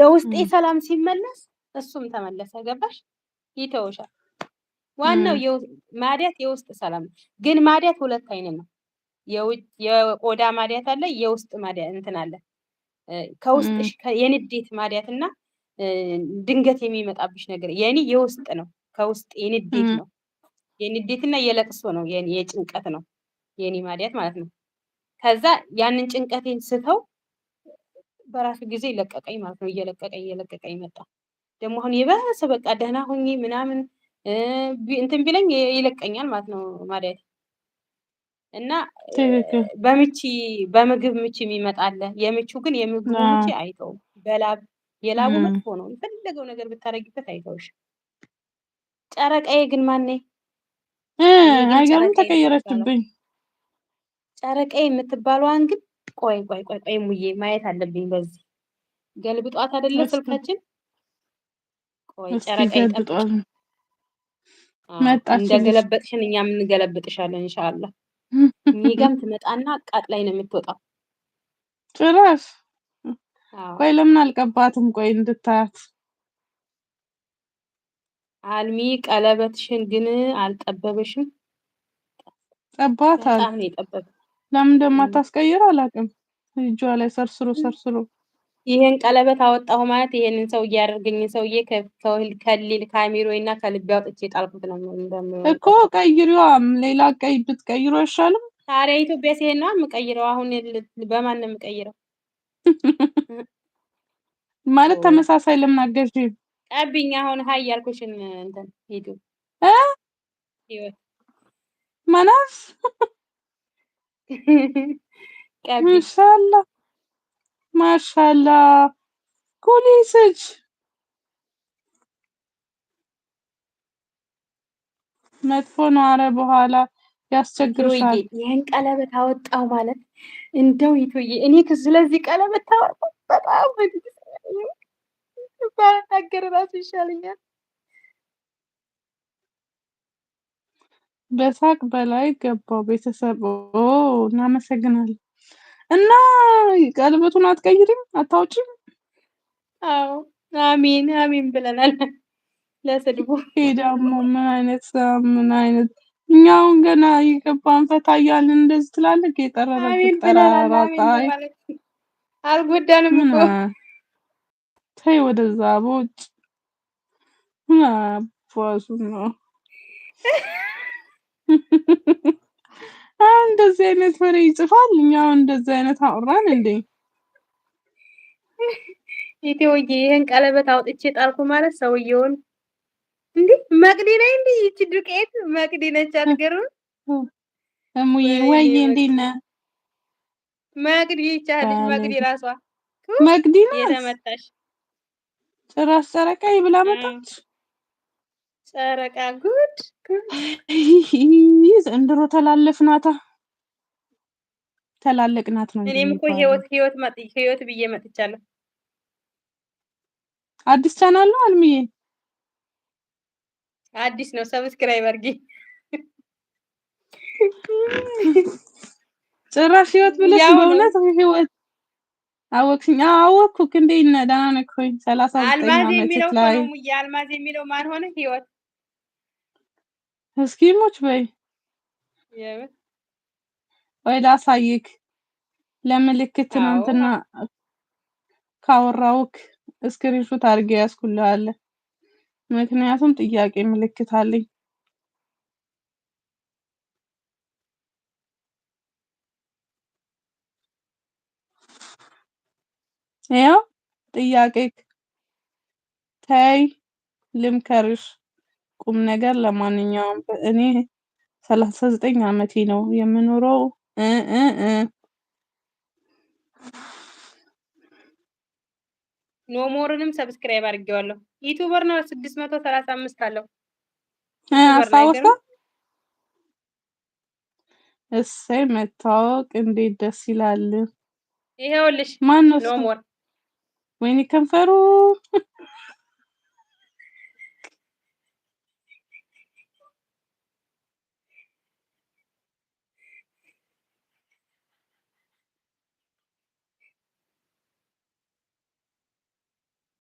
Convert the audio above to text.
ለውስጤ ሰላም ሲመለስ እሱም ተመለሰ። ገባሽ? ይተውሻል። ዋናው ማዲያት የውስጥ ሰላም ግን ማዲያት ሁለት አይነት ነው። የቆዳ ማዲያት አለ፣ የውስጥ ማዲያት እንትን አለ። ከውስጥሽ የንዴት ማዲያት እና ድንገት የሚመጣብሽ ነገር የኔ የውስጥ ነው። ከውስጥ የንዴት ነው። የንዴትና የለቅሶ ነው፣ የጭንቀት ነው የኔ ማዲያት ማለት ነው። ከዛ ያንን ጭንቀቴን ስተው በራሱ ጊዜ ይለቀቀኝ ማለት ነው። እየለቀቀኝ እየለቀቀኝ መጣ። ደግሞ አሁን የበሰ በቃ ደህና ሆኜ ምናምን እንትን ቢለኝ ይለቀኛል ማለት ነው ማለት እና በምቺ በምግብ ምቺ የሚመጣለ የምቹ ግን የምግቡ ምቺ አይተውም። በላብ የላቡ መጥፎ ነው። የፈለገው ነገር ብታደረጊበት አይተውሽ። ጨረቃዬ ግን ማኔ አይገርም ተቀየረችብኝ። ጨረቃዬ የምትባለዋን ግን ቆይ ቆይ ቆይ ቆይ ሙዬ ማየት አለብኝ። በዚህ ገልብጧት አይደለ ስልካችን። ቆይ ጨረቃ ይጠብጣል። እንደገለበጥሽን እኛ የምንገለብጥሻለን ኢንሻአላህ። ሚገም ትመጣና ላይ ነው የምትወጣው ጭራሽ። ቆይ ለምን አልቀባትም? ቆይ እንድታያት አልሚ ቀለበትሽን ግን አልጠበበሽም። ጠባታል። በጣም ነው የጠበበ ለምን እንደማታስቀይር አላውቅም። እጇ ላይ ሰርስሮ ሰርስሮ ይህን ቀለበት አወጣሁ ማለት ይሄንን ሰው ያደርገኝ ሰውዬ ከሊል ከአሚሮዬ እና ከልቤ አውጥቼ የጣልኩት ነው እኮ። ቀይሪዋ፣ ሌላ ቀይ ብትቀይሩ አይሻልም? ታዲያ ኢትዮጵያ ሲሄድ ነው የምቀይረው። አሁን በማን ነው የምቀይረው? ማለት ተመሳሳይ ለምን አገዥ ቀብኝ። አሁን ሀይ ያልኩሽን እንትን ሂዱ ማናስ ማሻላ ማሻላ ኩሊስች መጥፎ ነው። አረ በኋላ ያስቸግሩሻል። ይህን ቀለበት አወጣው ማለት እንደው ይቶዬ እኔ ስለዚህ ቀለበት ታወጣ በጣም ባልናገር ራሱ ይሻለኛል። በሳቅ በላይ ገባው ቤተሰብ እናመሰግናለን። እና ቀለበቱን አትቀይሪም አታውጭም? አዎ አሜን አሜን ብለናል። ለስድቡ ደግሞ ምን አይነት ምን አይነት እኛውን ገና የገባን ፈታ እያልን እንደዚህ ትላለህ። የጠረረብህ ጠራራጣይ አልጎዳንም እኮ ተይ፣ ወደዛ በውጭ ምን አባሱ ነው እንደዚህ አይነት ወሬ ይጽፋል። እኛ እንደዚህ አይነት አውራን እንዴ ኢትዮዬ፣ ይህን ቀለበት አውጥቼ ጣልኩ ማለት ሰውየውን እንዴ መቅዲ ላይ እንዴ ይቺ ዱቄት መቅዲ ነች። አትገርም እሙዬ? ወይዬ እንዴት ነህ መቅዲ? ይቻለች መቅዲ ራሷ መቅዲ ነው የተመታሽ። ጭራሽ ጨረቃ ይብላ መጣች። ጨረቃ ጉድ ዘንድሮ ተላለፍናታ ተላለቅናት ነው። እኔም እኮ ህይወት ህይወት መጥ ህይወት ብዬ መጥቻለሁ። አዲስ ቻናል ነው አልሚዬ፣ አዲስ ነው። ሰብስክራይብ አድርጊ። ጭራሽ ህይወት ብለሽ በእውነት ህይወት አወቅሽኝ። አወቅኩክ። እንዴት ነህ? ደህና ነህ? ሰላሳ አልማዝ የሚለው ማን ሆነ? ህይወት Eskimiş bey. Evet. Öyle አሳይክ ለምልክት እንትና ካወራውክ እስክሪንሾት አድርጌ ያዝኩልሃለሁ። ምክንያቱም ጥያቄ ምልክት አለኝ። ያው ጥያቄክ ተይ ልምከርሽ ቁም ነገር ለማንኛውም እኔ ሰላሳ ዘጠኝ ዓመቴ ነው የምኖረው እ እ እ ኖሞርንም ሰብስክራይብ አድርጌዋለሁ። ዩቲዩበር ነው ስድስት መቶ ሰላሳ አምስት አለው አስታውሳ። እሰይ መታወቅ እንዴት ደስ ይላል! ይሄውልሽ ማን ነው ኖሞር? ወይኔ ከንፈሩ